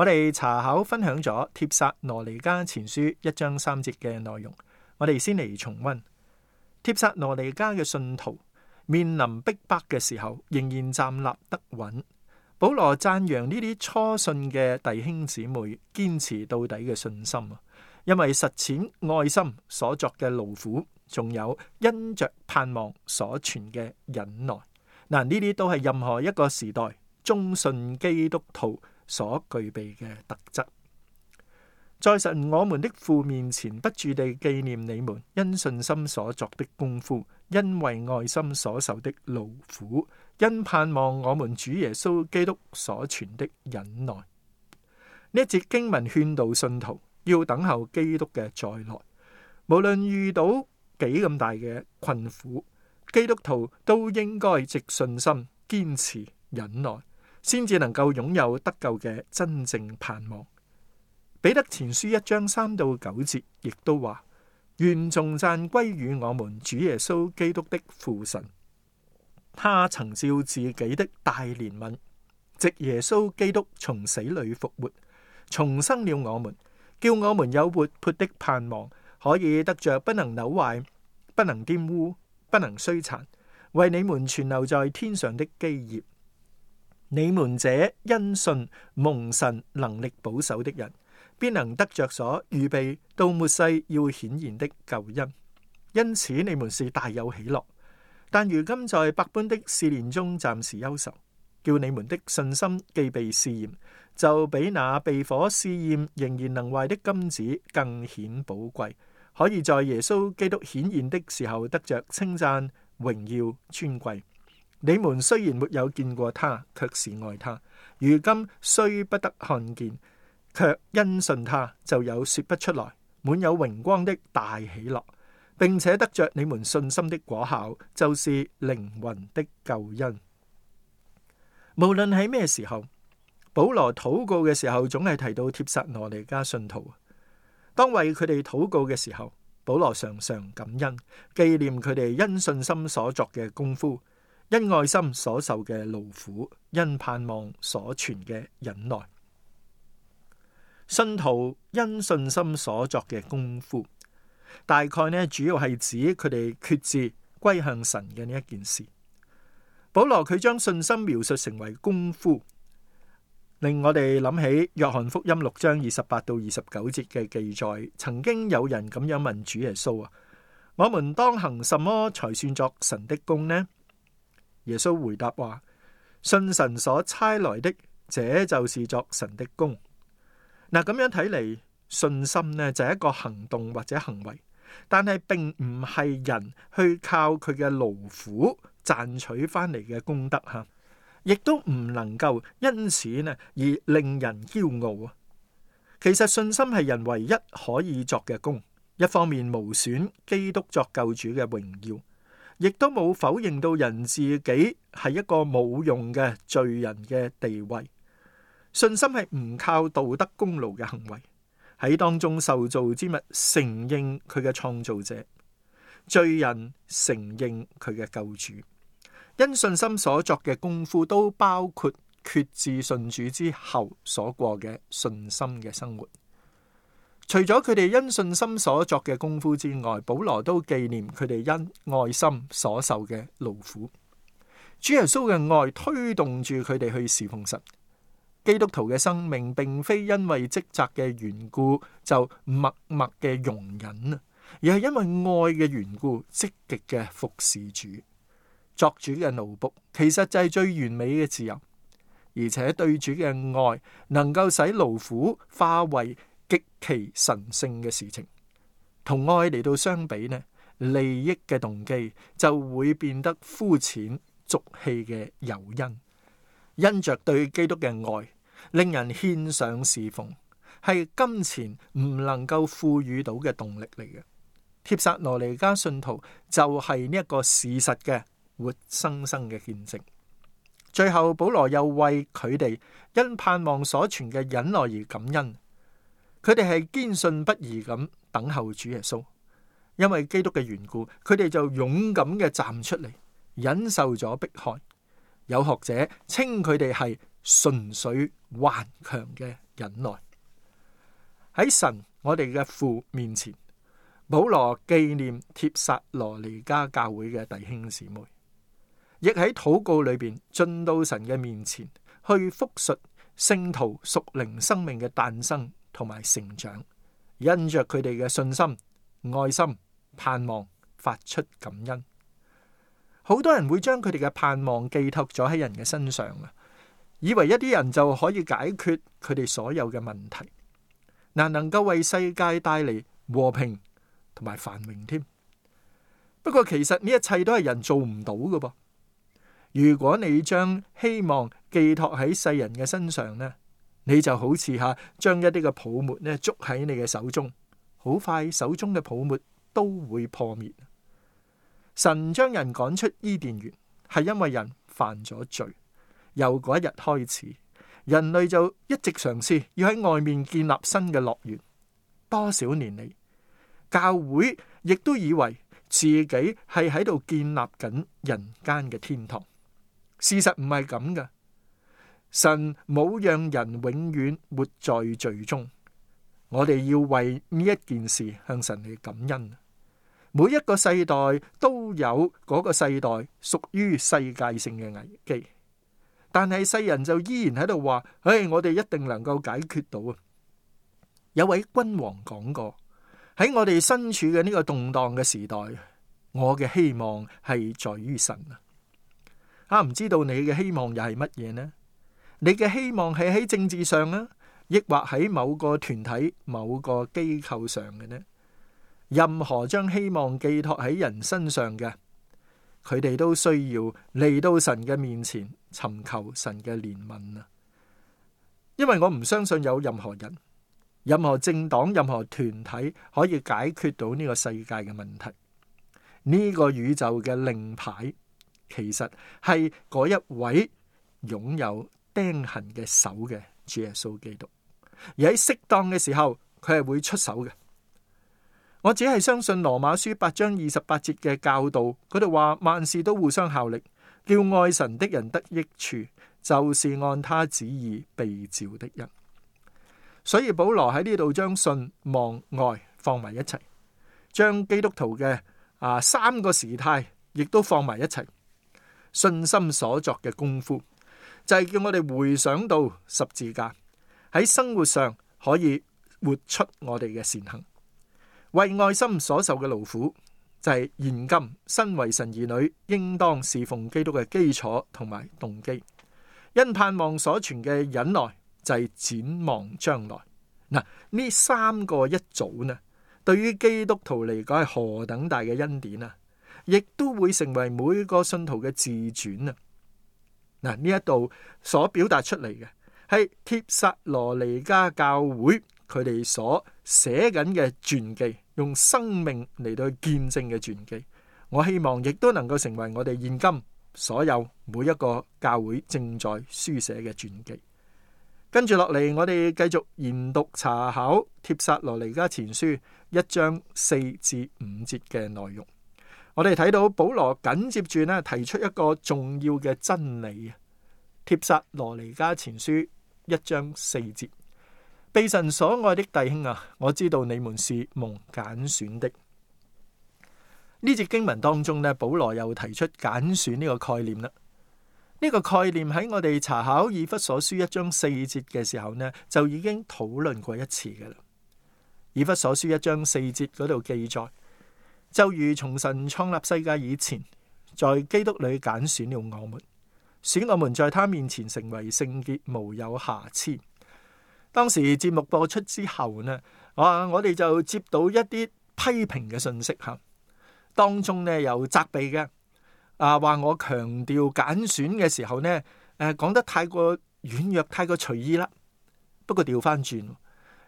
我哋查考分享咗帖撒羅尼迦前書一章三節嘅內容，我哋先嚟重温帖撒羅尼迦嘅信徒面臨逼迫嘅時候，仍然站立得穩。保羅讚揚呢啲初信嘅弟兄姊妹堅持到底嘅信心啊，因為實踐愛心所作嘅勞苦，仲有因着盼望所存嘅忍耐。嗱，呢啲都係任何一個時代忠信基督徒。所具備嘅特質，在神我們的父面前不住地紀念你們因信心所作的功夫，因為愛心所受的勞苦，因盼望我們主耶穌基督所存的忍耐。呢一節經文勸導信徒要等候基督嘅再來，無論遇到幾咁大嘅困苦，基督徒都應該藉信心、堅持忍耐。先至能夠擁有得救嘅真正盼望。彼得前書一章三到九節亦都話：願頌讚歸於我們主耶穌基督的父神，他曾照自己的大憐憫，藉耶穌基督從死裏復活，重生了我們，叫我們有活潑的盼望，可以得着不能朽壞、不能玷污、不能衰殘，為你們存留在天上的基業。你們這因信蒙神能力保守的人，必能得着所預備到末世要顯現的救恩。因此你們是大有喜樂，但如今在百般的試煉中暫時憂愁，叫你們的信心既被試驗，就比那被火試驗仍然能壞的金子更顯寶貴，可以在耶穌基督顯現的時候得着稱讚、榮耀、尊貴。你們雖然沒有見過他，卻是愛他。如今雖不得看見，卻因信他就有說不出來、滿有榮光的大喜樂，並且得着你們信心的果效，就是靈魂的救恩。無論喺咩時候，保羅禱告嘅時候，總係提到帖撒羅尼迦信徒。當為佢哋禱告嘅時候，保羅常常感恩，紀念佢哋因信心所作嘅功夫。因愛心所受嘅勞苦，因盼望所存嘅忍耐，信徒因信心所作嘅功夫，大概呢主要係指佢哋決志歸向神嘅呢一件事。保羅佢將信心描述成為功夫，令我哋諗起約翰福音六章二十八到二十九節嘅記載。曾經有人咁樣問主耶穌啊：我們當行什麼才算作神的功呢？耶穌回答話：「信神所差來的，這就是作神的功。」嗱咁樣睇嚟，信心呢就係一個行動或者行為，但係並唔係人去靠佢嘅勞苦賺取翻嚟嘅功德吓，亦都唔能夠因此呢而令人驕傲啊！其實信心係人唯一可以作嘅功，一方面無損基督作救主嘅榮耀。亦都冇否認到人自己係一個冇用嘅罪人嘅地位。信心係唔靠道德功勞嘅行為，喺當中受造之物承認佢嘅創造者，罪人承認佢嘅救主。因信心所作嘅功夫，都包括決志信主之後所過嘅信心嘅生活。除咗佢哋因信心所作嘅功夫之外，保羅都紀念佢哋因愛心所受嘅勞苦。主耶穌嘅愛推動住佢哋去侍奉神。基督徒嘅生命並非因為職責嘅緣故就默默嘅容忍啊，而係因為愛嘅緣故，積極嘅服侍主、作主嘅奴僕，其實就係最完美嘅自由。而且對主嘅愛能夠使勞苦化為極其神聖嘅事情，同愛嚟到相比呢？利益嘅動機就會變得膚淺俗氣嘅誘因。因着對基督嘅愛，令人獻上侍奉，係金錢唔能夠賦予到嘅動力嚟嘅。帖撒羅尼迦信徒就係呢一個事實嘅活生生嘅見證。最後，保羅又為佢哋因盼望所存嘅忍耐而感恩。佢哋係堅信不疑咁等候主耶穌，因為基督嘅緣故，佢哋就勇敢嘅站出嚟，忍受咗迫害。有學者稱佢哋係純粹頑強嘅忍耐。喺神我哋嘅父面前，保羅紀念帖撒羅尼迦教會嘅弟兄姊妹，亦喺禱告裏面進到神嘅面前去復述聖徒屬靈生命嘅誕生。同埋成長，因着佢哋嘅信心、愛心、盼望，發出感恩。好多人會將佢哋嘅盼望寄託咗喺人嘅身上啊，以為一啲人就可以解決佢哋所有嘅問題，嗱，能夠為世界帶嚟和平同埋繁榮添。不過其實呢一切都係人做唔到嘅噃。如果你將希望寄託喺世人嘅身上呢，你就好似吓，將一啲嘅泡沫呢，捉喺你嘅手中，好快手中嘅泡沫都會破滅。神將人趕出伊甸園，係因為人犯咗罪。由嗰一日開始，人類就一直嘗試要喺外面建立新嘅樂園。多少年嚟，教會亦都以為自己係喺度建立緊人間嘅天堂。事實唔係咁嘅。神冇讓人永遠活在罪中，我哋要為呢一件事向神嚟感恩。每一個世代都有嗰個世代屬於世界性嘅危機，但係世人就依然喺度話：，誒、哎，我哋一定能夠解決到啊！有位君王講過，喺我哋身處嘅呢個動盪嘅時代，我嘅希望係在於神啊。啊，唔知道你嘅希望又係乜嘢呢？你嘅希望係喺政治上啊，亦或喺某個團體、某個機構上嘅咧？任何將希望寄託喺人身上嘅，佢哋都需要嚟到神嘅面前尋求神嘅憐憫啊！因為我唔相信有任何人、任何政黨、任何團體可以解決到呢個世界嘅問題。呢、這個宇宙嘅令牌，其實係嗰一位擁有。輕痕嘅手嘅主耶穌基督，而喺適當嘅時候，佢係會出手嘅。我只係相信羅馬書八章二十八節嘅教導，佢哋話萬事都互相效力，叫愛神的人得益處，就是按他旨意被召的人。所以保羅喺呢度將信望愛放埋一齊，將基督徒嘅啊三個時態亦都放埋一齊，信心所作嘅功夫。就係叫我哋回想到十字架喺生活上可以活出我哋嘅善行，為愛心所受嘅勞苦就係現今身為神兒女應當侍奉基督嘅基礎同埋動機，因盼望所存嘅忍耐就係展望將來。嗱，呢三個一組呢，對於基督徒嚟講係何等大嘅恩典啊！亦都會成為每個信徒嘅自傳啊！嗱，呢一度所表達出嚟嘅係帖撒羅尼加教會佢哋所寫緊嘅傳記，用生命嚟到見證嘅傳記。我希望亦都能夠成為我哋現今所有每一個教會正在書寫嘅傳記。跟住落嚟，我哋繼續研讀查考帖撒羅尼加前書一章四至五節嘅內容。我哋睇到保羅緊接住呢提出一個重要嘅真理。帖撒羅尼加前書一章四節，被神所愛的弟兄啊，我知道你們是蒙揀選的。呢節經文當中呢，保羅又提出揀選呢個概念啦。呢個概念喺我哋查考以弗所書一章四節嘅時候呢，就已經討論過一次嘅啦。以弗所書一章四節嗰度記載，就如從神創立世界以前，在基督裏揀選了我們，選我們在他面前成為聖潔、無有瑕疵。當時節目播出之後呢，啊，我哋就接到一啲批評嘅信息吓，當中呢有責備嘅，啊，話我強調揀選嘅時候呢，誒，講得太過軟弱、太過隨意啦。不過調翻轉。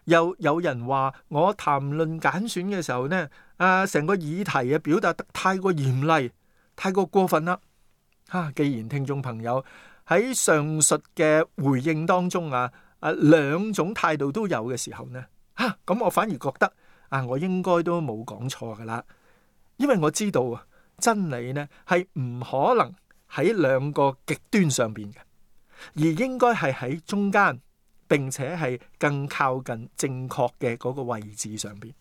又有人話我談論揀選嘅時候呢，啊，成個議題啊，表達得太過嚴厲，太過過分啦！哈、啊，既然聽眾朋友喺上述嘅回應當中啊，啊兩種態度都有嘅時候呢，哈、啊，咁我反而覺得啊，我應該都冇講錯噶啦，因為我知道啊，真理呢係唔可能喺兩個極端上面嘅，而應該係喺中間。並且係更靠近正確嘅嗰個位置上邊。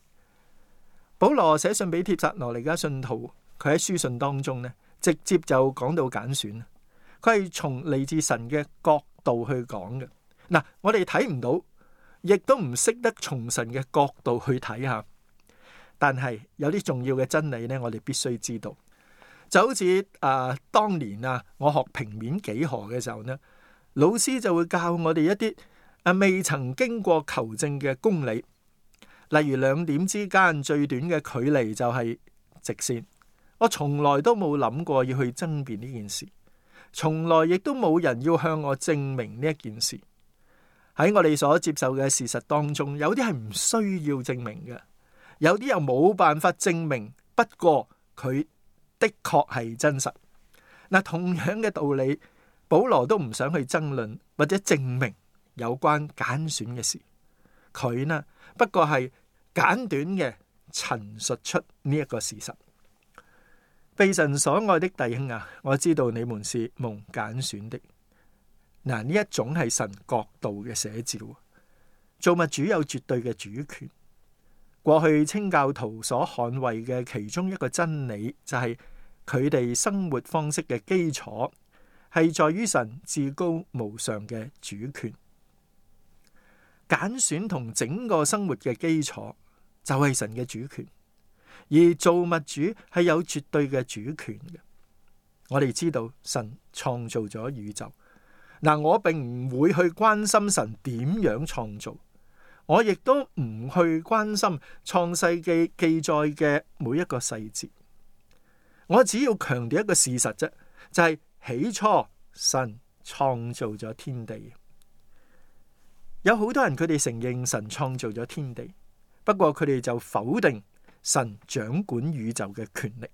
保羅寫信俾帖撒羅尼加信徒，佢喺書信當中呢，直接就講到揀選。佢係從嚟自神嘅角度去講嘅。嗱，我哋睇唔到，亦都唔識得從神嘅角度去睇下。但係有啲重要嘅真理呢，我哋必須知道。就好似啊、呃，當年啊，我學平面幾何嘅時候呢，老師就會教我哋一啲。未曾經過求證嘅公理，例如兩點之間最短嘅距離就係直線。我從來都冇諗過要去爭辯呢件事，從來亦都冇人要向我證明呢一件事。喺我哋所接受嘅事實當中，有啲係唔需要證明嘅，有啲又冇辦法證明，不過佢的確係真實。嗱，同樣嘅道理，保羅都唔想去爭論或者證明。有關揀選嘅事，佢呢？不過係簡短嘅陳述出呢一個事實。被神所愛的弟兄啊，我知道你們是蒙揀選的。嗱，呢一種係神角度嘅寫照。造物主有絕對嘅主權。過去清教徒所捍衛嘅其中一個真理，就係佢哋生活方式嘅基礎，係在於神至高無上嘅主權。揀選同整個生活嘅基礎就係神嘅主權，而造物主係有絕對嘅主權嘅。我哋知道神創造咗宇宙，嗱我並唔會去關心神點樣創造，我亦都唔去關心創世記記載嘅每一個細節。我只要強調一個事實啫，就係起初神創造咗天地。有好多人佢哋承認神創造咗天地，不過佢哋就否定神掌管宇宙嘅權力，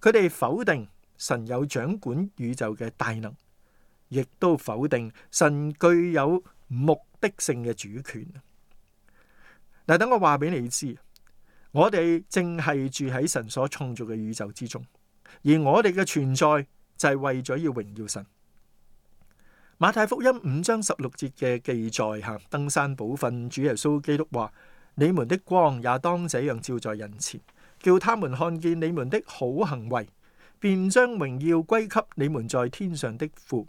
佢哋否定神有掌管宇宙嘅大能，亦都否定神具有目的性嘅主權。但等我話俾你知，我哋正係住喺神所創造嘅宇宙之中，而我哋嘅存在就係為咗要榮耀神。馬太福音五章十六節嘅記載吓，登山寶訓，主耶穌基督話：你們的光也當這樣照在人前，叫他們看見你們的好行為，便將榮耀歸給你們在天上的父。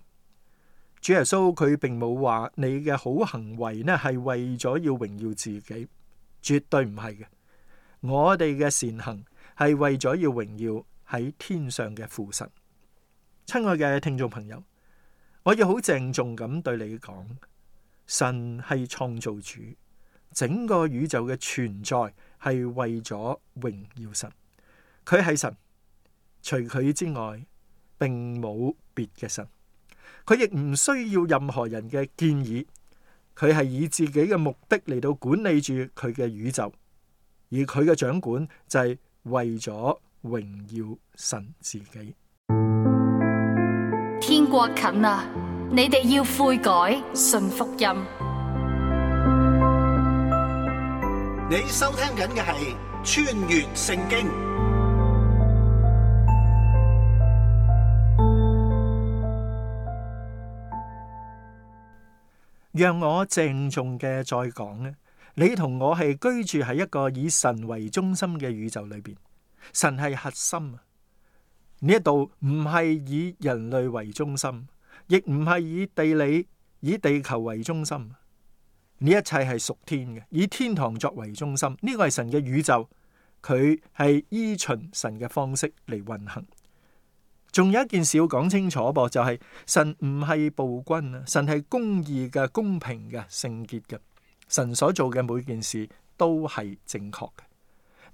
主耶穌佢並冇話你嘅好行為呢係為咗要榮耀自己，絕對唔係嘅。我哋嘅善行係為咗要榮耀喺天上嘅父神。親愛嘅聽眾朋友。我要好鄭重咁對你講，神係創造主，整個宇宙嘅存在係為咗榮耀神。佢係神，除佢之外，並冇別嘅神。佢亦唔需要任何人嘅建議。佢係以自己嘅目的嚟到管理住佢嘅宇宙，而佢嘅掌管就係為咗榮耀神自己。過近啦，你哋要悔改，信福音。你收聽緊嘅係穿越聖經。讓我鄭重嘅再講咧，你同我係居住喺一個以神為中心嘅宇宙裏邊，神係核心啊！呢一度唔係以人類為中心，亦唔係以地理、以地球為中心。呢一切係屬天嘅，以天堂作為中心。呢個係神嘅宇宙，佢係依循神嘅方式嚟運行。仲有一件事要講清楚噃，就係神唔係暴君啊，神係公義嘅、公平嘅、聖潔嘅。神所做嘅每件事都係正確嘅。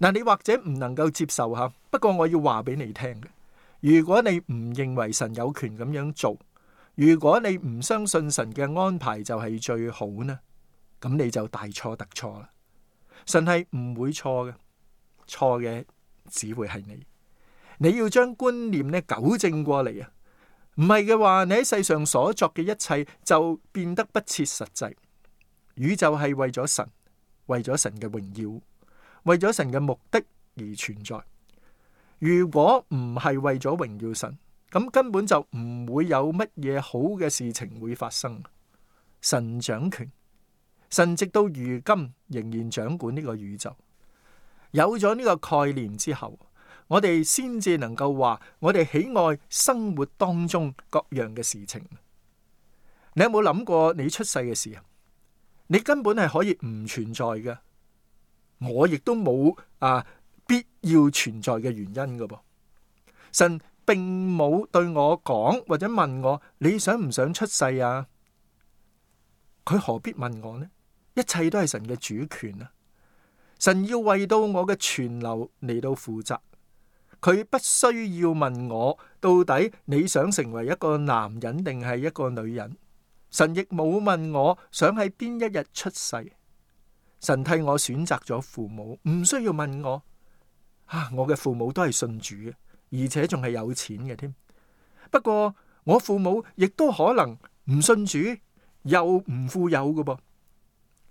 嗱，你或者唔能夠接受吓，不過我要話俾你聽如果你唔認為神有權咁樣做，如果你唔相信神嘅安排就係最好呢，咁你就大錯特錯啦。神係唔會錯嘅，錯嘅只會係你。你要將觀念呢糾正過嚟啊！唔係嘅話，你喺世上所作嘅一切就變得不切實際。宇宙係為咗神，為咗神嘅榮耀，為咗神嘅目的而存在。如果唔係為咗榮耀神，咁根本就唔會有乜嘢好嘅事情會發生。神掌權，神直到如今仍然掌管呢個宇宙。有咗呢個概念之後，我哋先至能夠話我哋喜愛生活當中各樣嘅事情。你有冇諗過你出世嘅時候，你根本係可以唔存在嘅，我亦都冇啊。要存在嘅原因㗎噃，神並冇對我講或者問我，你想唔想出世啊？佢何必問我呢？一切都係神嘅主權啊！神要為到我嘅存留嚟到負責，佢不需要問我，到底你想成為一個男人定係一個女人？神亦冇問我想喺邊一日出世，神替我選擇咗父母，唔需要問我。啊！我嘅父母都係信主嘅，而且仲係有錢嘅添。不過我父母亦都可能唔信主，又唔富有嘅噃。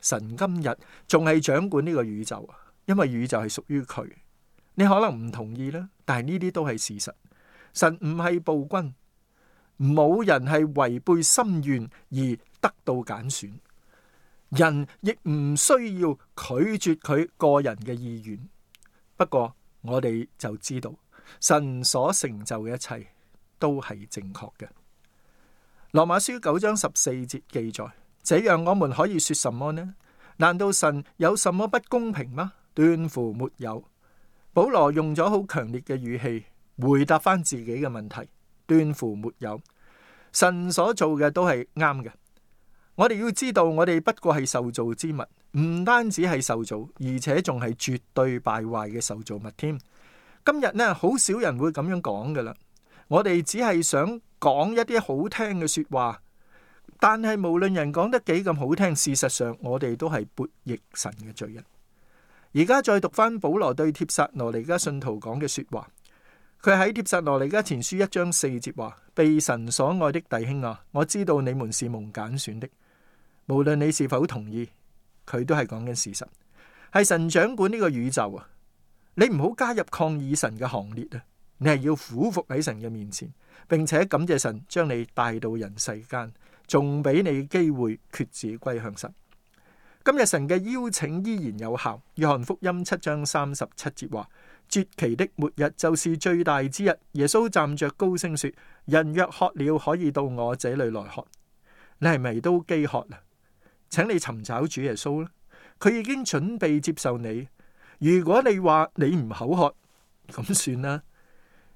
神今日仲係掌管呢個宇宙，因為宇宙係屬於佢。你可能唔同意啦，但係呢啲都係事實。神唔係暴君，冇人係違背心願而得到揀選。人亦唔需要拒絕佢個人嘅意願。不過。我哋就知道神所成就嘅一切都係正確嘅。羅馬書九章十四節記載，這樣我們可以說什麼呢？難道神有什麼不公平嗎？斷乎沒有。保羅用咗好強烈嘅語氣回答返自己嘅問題：斷乎沒有，神所做嘅都係啱嘅。我哋要知道，我哋不過係受造之物，唔單止係受造，而且仲係絕對敗壞嘅受造物添。今日呢，好少人會咁樣講噶啦。我哋只係想講一啲好聽嘅說話，但係無論人講得幾咁好聽，事實上我哋都係悖逆神嘅罪人。而家再讀翻保羅對帖撒羅尼加信徒講嘅說話，佢喺帖撒羅尼加前書一章四節話：「被神所愛的弟兄啊，我知道你們是蒙揀選的。無論你是否同意，佢都係講緊事實，係神掌管呢個宇宙啊！你唔好加入抗議神嘅行列啊！你係要俯伏喺神嘅面前，並且感謝神將你帶到人世間，仲俾你機會決志歸向神。今日神嘅邀請依然有效。約翰福音七章三十七節話：節期的末日就是最大之日。耶穌站着高聲說：人若渴了，可以到我這裏來喝。你係咪都飢渴啊？請你尋找主耶穌啦，佢已經準備接受你。如果你話你唔口渴，咁算啦。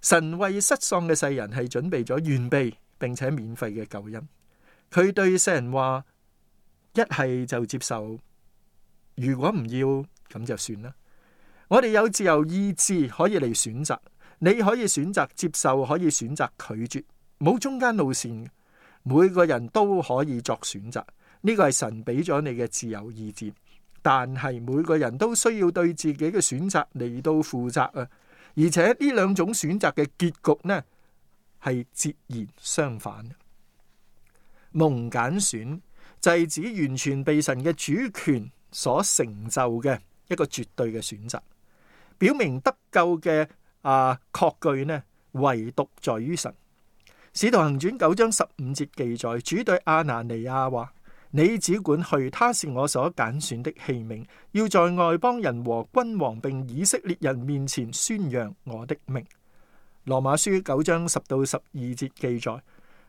神為失喪嘅世人係準備咗完備並且免費嘅救恩。佢對世人話：一係就接受，如果唔要，咁就算啦。我哋有自由意志可以嚟選擇，你可以選擇接受，可以選擇拒絕，冇中間路線。每個人都可以作選擇。呢個係神俾咗你嘅自由意志，但係每個人都需要對自己嘅選擇嚟到負責啊。而且呢兩種選擇嘅結局呢係截然相反。蒙揀選就係指完全被神嘅主權所成就嘅一個絕對嘅選擇，表明得救嘅啊確據呢唯獨在於神。使徒行傳九章十五節記載，主對亞拿尼亞話。你只管去，他是我所揀選的器皿，要在外邦人和君王並以色列人面前宣揚我的名。羅馬書九章十到十二節記載，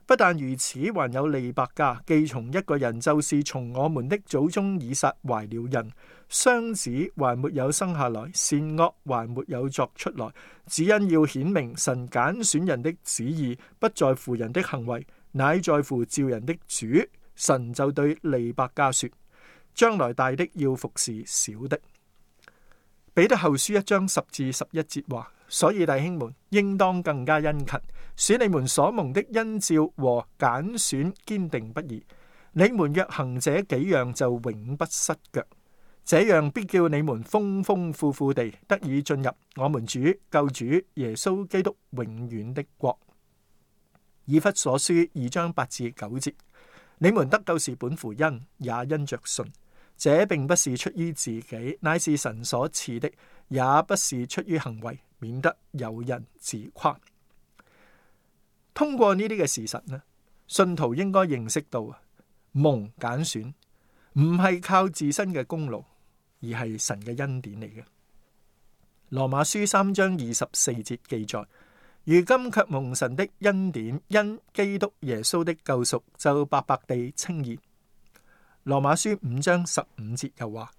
不但如此，還有利百加既從一個人，就是從我們的祖宗以撒懷了孕。雙子還沒有生下來，善惡還沒有作出來，只因要顯明神揀選人的旨意，不在乎人的行為，乃在乎召人的主。神就對利百加說：將來大的要服侍小的。彼得後書一章十至十一節話：所以弟兄們，應當更加殷勤，使你們所蒙的恩召和揀選堅定不移。你們若行這幾樣，就永不失腳。這樣必叫你們豐豐富富地得以進入我們主救主耶穌基督永遠的國。以弗所書二章八至九節。你們得救是本乎恩，也因着信。這並不是出於自己，乃是神所賜的；也不是出於行為，免得有人自誇。通過呢啲嘅事實呢，信徒應該認識到，蒙揀選唔係靠自身嘅功勞，而係神嘅恩典嚟嘅。羅馬書三章二十四節記載。如今卻蒙神的恩典，因基督耶穌的救贖，就白白地稱義。羅馬書五章十五節又話：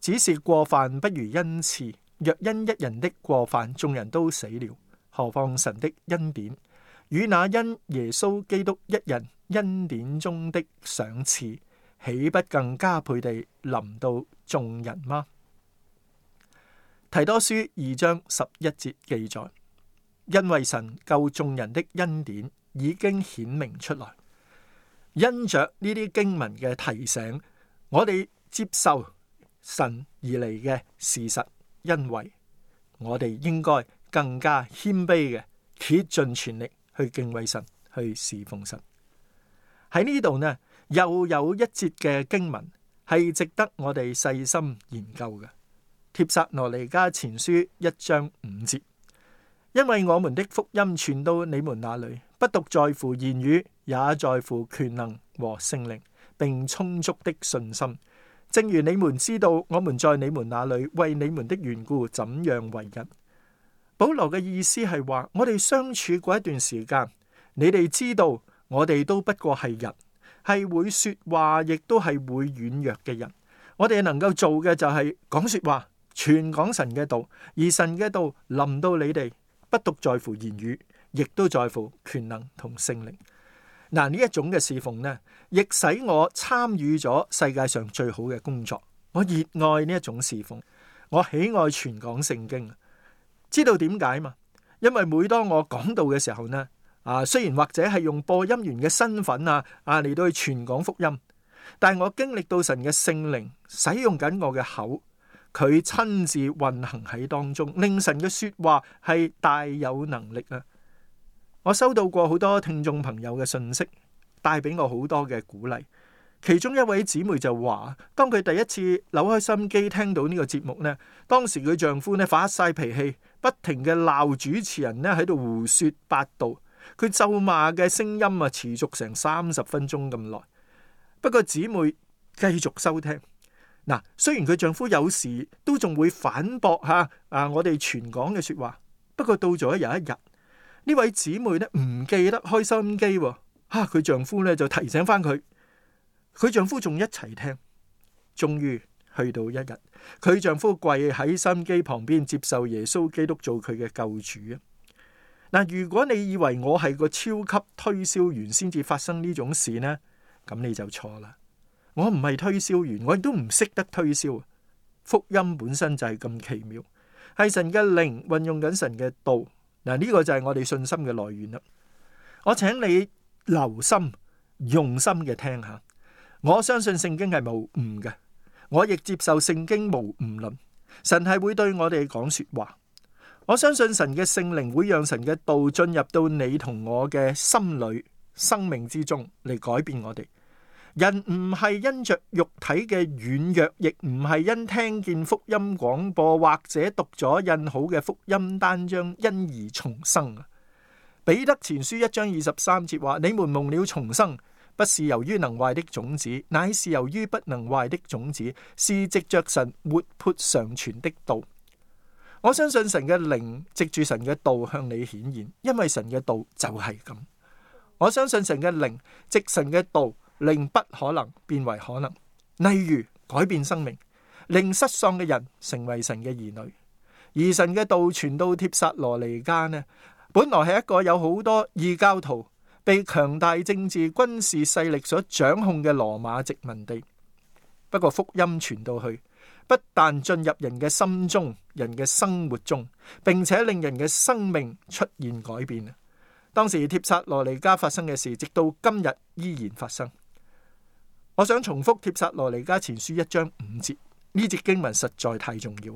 只是過犯不如恩賜，若因一人的過犯，眾人都死了，何況神的恩典，與那因耶穌基督一人恩典中的賞賜，豈不更加倍地臨到眾人嗎？提多書二章十一節記載。因為神救眾人的恩典已經顯明出來，因着呢啲經文嘅提醒，我哋接受神而嚟嘅事實，因為我哋應該更加謙卑嘅竭盡全力去敬畏神，去侍奉神。喺呢度呢，又有一節嘅經文係值得我哋細心研究嘅，《帖撒羅尼迦前書》一章五節。因為我們的福音傳到你們那裏，不獨在乎言語，也在乎權能和聖靈，并充足的信心。正如你們知道，我們在你們那裏為你們的緣故怎樣為人。保羅嘅意思係話，我哋相處過一段時間，你哋知道我哋都不過係人，係會說話，亦都係會軟弱嘅人。我哋能夠做嘅就係講說話，傳講神嘅道，而神嘅道臨到你哋。不獨在乎言語，亦都在乎權能同聖靈。嗱，呢一種嘅侍奉呢，亦使我參與咗世界上最好嘅工作。我熱愛呢一種侍奉，我喜愛傳講聖經。知道點解嘛？因為每當我講道嘅時候呢，啊，雖然或者係用播音員嘅身份啊，啊嚟到去傳講福音，但我經歷到神嘅聖靈使用緊我嘅口。佢親自運行喺當中，令神嘅説話係大有能力啊！我收到過好多聽眾朋友嘅信息，帶俾我好多嘅鼓勵。其中一位姊妹就話：當佢第一次扭開心機聽到呢個節目呢，當時佢丈夫呢，發晒脾氣，不停嘅鬧主持人呢喺度胡説八道，佢咒罵嘅聲音啊，持續成三十分鐘咁耐。不過姊妹繼續收聽。嗱，雖然佢丈夫有時都仲會反駁下啊，我哋全港嘅說話，不過到咗有一日，位姐呢位姊妹咧唔記得開收音機，吓、啊、佢丈夫咧就提醒翻佢，佢丈夫仲一齊聽，終於去到一日，佢丈夫跪喺收音機旁邊接受耶穌基督做佢嘅救主啊！嗱，如果你以為我係個超級推銷員先至發生呢種事呢，咁你就錯啦。我唔係推銷員，我亦都唔識得推銷。福音本身就係咁奇妙，係神嘅靈運用緊神嘅道。嗱、這、呢個就係我哋信心嘅來源啦。我請你留心、用心嘅聽下。我相信聖經係無誤嘅，我亦接受聖經無誤論。神係會對我哋講說話。我相信神嘅聖靈會讓神嘅道進入到你同我嘅心裏、生命之中，嚟改變我哋。人唔係因着肉體嘅軟弱，亦唔係因聽見福音廣播或者讀咗印好嘅福音單張因而重生。彼得前書一章二十三節話：你們蒙了重生，不是由於能壞的種子，乃是由於不能壞的種子，是藉着神活潑常存的道。我相信神嘅靈藉住神嘅道向你顯現，因為神嘅道就係咁。我相信神嘅靈藉神嘅道。令不可能變為可能，例如改變生命，令失喪嘅人成為神嘅兒女。而神嘅道傳到帖撒羅尼加呢，本來係一個有好多異教徒被強大政治軍事勢力所掌控嘅羅馬殖民地。不過福音傳到去，不但進入人嘅心中、人嘅生活中，並且令人嘅生命出現改變。當時帖撒羅尼加發生嘅事，直到今日依然發生。我想重複帖撒羅尼迦前書一章五節，呢節經文實在太重要，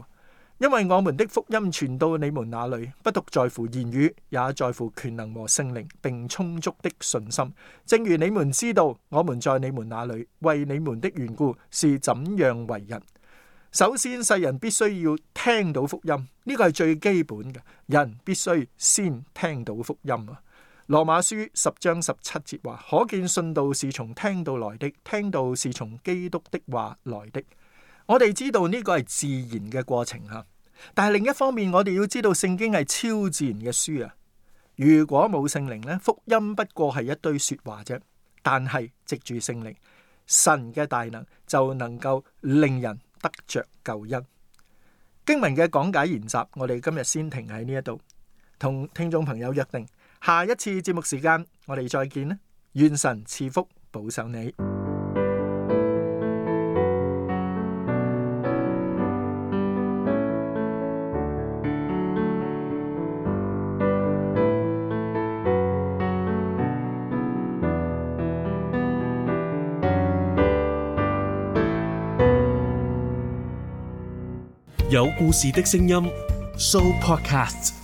因為我們的福音傳到你們那裏，不獨在乎言語，也在乎權能和聖靈，並充足的信心。正如你們知道，我們在你們那裏為你們的緣故是怎樣為人。首先，世人必須要聽到福音，呢、這個係最基本嘅，人必須先聽到福音啊！羅馬書十章十七節話，可見信道是從聽到來的，聽到是從基督的話來的。我哋知道呢個係自然嘅過程吓，但係另一方面，我哋要知道聖經係超自然嘅書啊。如果冇聖靈呢，福音不過係一堆說話啫。但係藉住聖靈，神嘅大能就能夠令人得着救恩。經文嘅講解研習，我哋今日先停喺呢一度，同聽眾朋友約定。下一次節目時間，我哋再見啦！願神賜福保守你。有故事的聲音，Sooo Podcast。